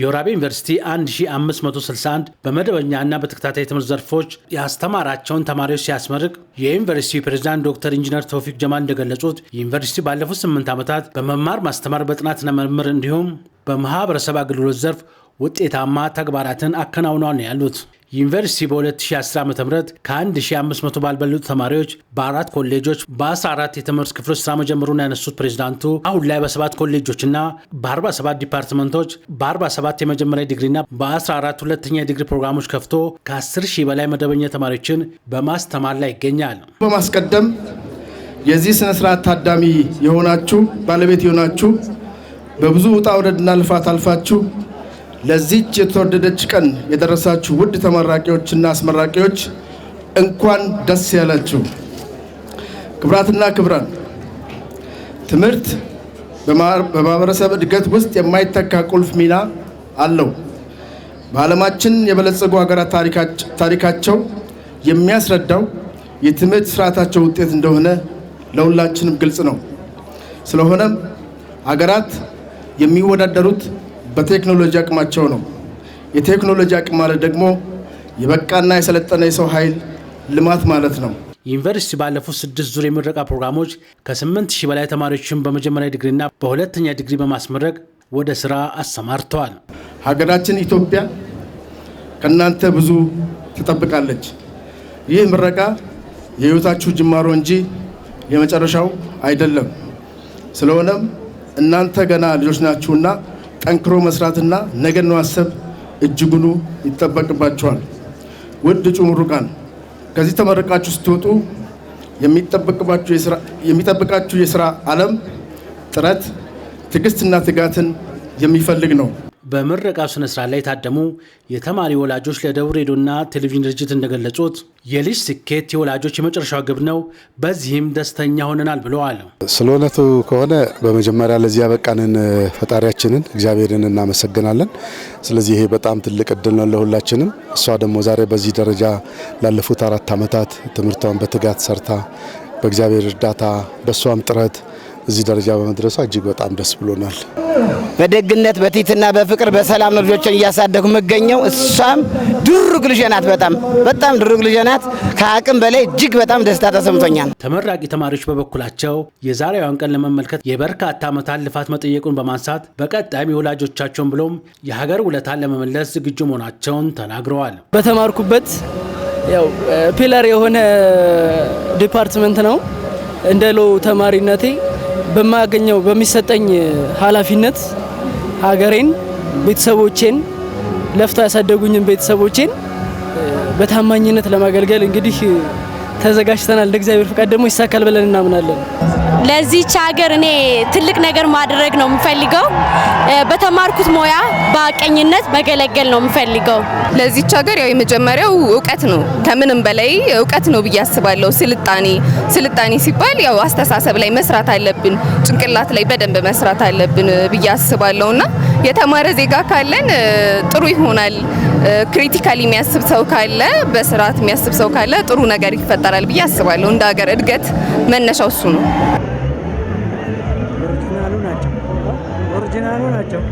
የወራቤ ዩኒቨርሲቲ 1561 በመደበኛና በተከታታይ ትምህርት ዘርፎች ያስተማራቸውን ተማሪዎች ሲያስመርቅ የዩኒቨርሲቲ ፕሬዚዳንት ዶክተር ኢንጂነር ተውፊቅ ጀማል እንደገለጹት ዩኒቨርሲቲ ባለፉት ስምንት ዓመታት በመማር ማስተማር፣ በጥናትና ምርምር እንዲሁም በማህበረሰብ አገልግሎት ዘርፍ ውጤታማ ተግባራትን አከናውኗል ነው ያሉት። ዩኒቨርሲቲ በ2010 ዓ ም ከ1500 ባልበለጡ ተማሪዎች በአራት ኮሌጆች በ14 የትምህርት ክፍሎች ስራ መጀመሩን ያነሱት ፕሬዚዳንቱ አሁን ላይ በሰባት ኮሌጆችና በ47 ዲፓርትመንቶች በ47 የመጀመሪያ ዲግሪና በ14 ሁለተኛ ዲግሪ ፕሮግራሞች ከፍቶ ከ10 ሺህ በላይ መደበኛ ተማሪዎችን በማስተማር ላይ ይገኛል። በማስቀደም የዚህ ስነ ስርዓት ታዳሚ የሆናችሁ ባለቤት የሆናችሁ በብዙ ውጣ ውረድና ልፋት አልፋችሁ ለዚች የተወደደች ቀን የደረሳችሁ ውድ ተመራቂዎችና አስመራቂዎች እንኳን ደስ ያላችሁ። ክብራትና ክብራን ትምህርት በማህበረሰብ እድገት ውስጥ የማይተካ ቁልፍ ሚና አለው። በዓለማችን የበለጸጉ ሀገራት ታሪካቸው የሚያስረዳው የትምህርት ስርዓታቸው ውጤት እንደሆነ ለሁላችንም ግልጽ ነው። ስለሆነም ሀገራት የሚወዳደሩት በቴክኖሎጂ አቅማቸው ነው። የቴክኖሎጂ አቅም ማለት ደግሞ የበቃና የሰለጠነ የሰው ኃይል ልማት ማለት ነው። ዩኒቨርሲቲ ባለፉት ስድስት ዙር የምረቃ ፕሮግራሞች ከ8 ሺህ በላይ ተማሪዎችን በመጀመሪያ ዲግሪና በሁለተኛ ዲግሪ በማስመረቅ ወደ ስራ አሰማርተዋል። ሀገራችን ኢትዮጵያ ከእናንተ ብዙ ትጠብቃለች። ይህ ምረቃ የህይወታችሁ ጅማሮ እንጂ የመጨረሻው አይደለም። ስለሆነም እናንተ ገና ልጆች ናችሁና ጠንክሮ መስራትና ነገን ማሰብ እጅጉኑ ይጠበቅባቸዋል። ውድ እጩ ምሩቃን ከዚህ ተመረቃችሁ ስትወጡ የሚጠብቃችሁ የስራ ዓለም ጥረት፣ ትዕግስትና ትጋትን የሚፈልግ ነው። በምረቃው ስነ ስርዓት ላይ የታደሙ የተማሪ ወላጆች ለደቡብ ሬዲዮና ቴሌቪዥን ድርጅት እንደገለጹት የልጅ ስኬት የወላጆች የመጨረሻው ግብ ነው። በዚህም ደስተኛ ሆነናል ብለዋል። ስለ እውነቱ ከሆነ በመጀመሪያ ለዚህ ያበቃንን ፈጣሪያችንን እግዚአብሔርን እናመሰግናለን። ስለዚህ ይሄ በጣም ትልቅ እድል ነው ለሁላችንም። እሷ ደግሞ ዛሬ በዚህ ደረጃ ላለፉት አራት ዓመታት ትምህርቷን በትጋት ሰርታ በእግዚአብሔር እርዳታ በእሷም ጥረት እዚህ ደረጃ በመድረሷ እጅግ በጣም ደስ ብሎናል። በደግነት በትህትና በፍቅር በሰላም ነው ልጆችን እያሳደጉ የምገኘው። እሷም ድሩቅ ልጄ ናት። በጣም በጣም ድሩቅ ልጄ ናት። ከአቅም በላይ እጅግ በጣም ደስታ ተሰምቶኛል። ተመራቂ ተማሪዎች በበኩላቸው የዛሬዋን ቀን ለመመልከት የበርካታ ዓመታት ልፋት መጠየቁን በማንሳት በቀጣይም የወላጆቻቸውን ብሎም የሀገር ውለታን ለመመለስ ዝግጁ መሆናቸውን ተናግረዋል። በተማርኩበት ያው ፒለር የሆነ ዲፓርትመንት ነው እንደ ሎ ተማሪነቴ በማገኘው በሚሰጠኝ ኃላፊነት ሀገሬን፣ ቤተሰቦቼን፣ ለፍቶ ያሳደጉኝን ቤተሰቦቼን በታማኝነት ለማገልገል እንግዲህ ተዘጋጅተናል። እንደ እግዚአብሔር ፍቃድ ደግሞ ይሳካል ብለን እናምናለን። ለዚች ሀገር እኔ ትልቅ ነገር ማድረግ ነው የምፈልገው። በተማርኩት ሙያ በቀኝነት መገለገል ነው የምፈልገው። ለዚች ሀገር ያው የመጀመሪያው እውቀት ነው፣ ከምንም በላይ እውቀት ነው ብዬ አስባለሁ። ስልጣኔ ስልጣኔ ሲባል ያው አስተሳሰብ ላይ መስራት አለብን፣ ጭንቅላት ላይ በደንብ መስራት አለብን ብዬ አስባለሁ አስባለሁና የተማረ ዜጋ ካለን ጥሩ ይሆናል። ክሪቲካሊ የሚያስብ ሰው ካለ፣ በስርዓት የሚያስብ ሰው ካለ ጥሩ ነገር ይፈጠራል ብዬ አስባለሁ። እንደ ሀገር እድገት መነሻው እሱ ነው። ኦሪጂናሉ ናቸው።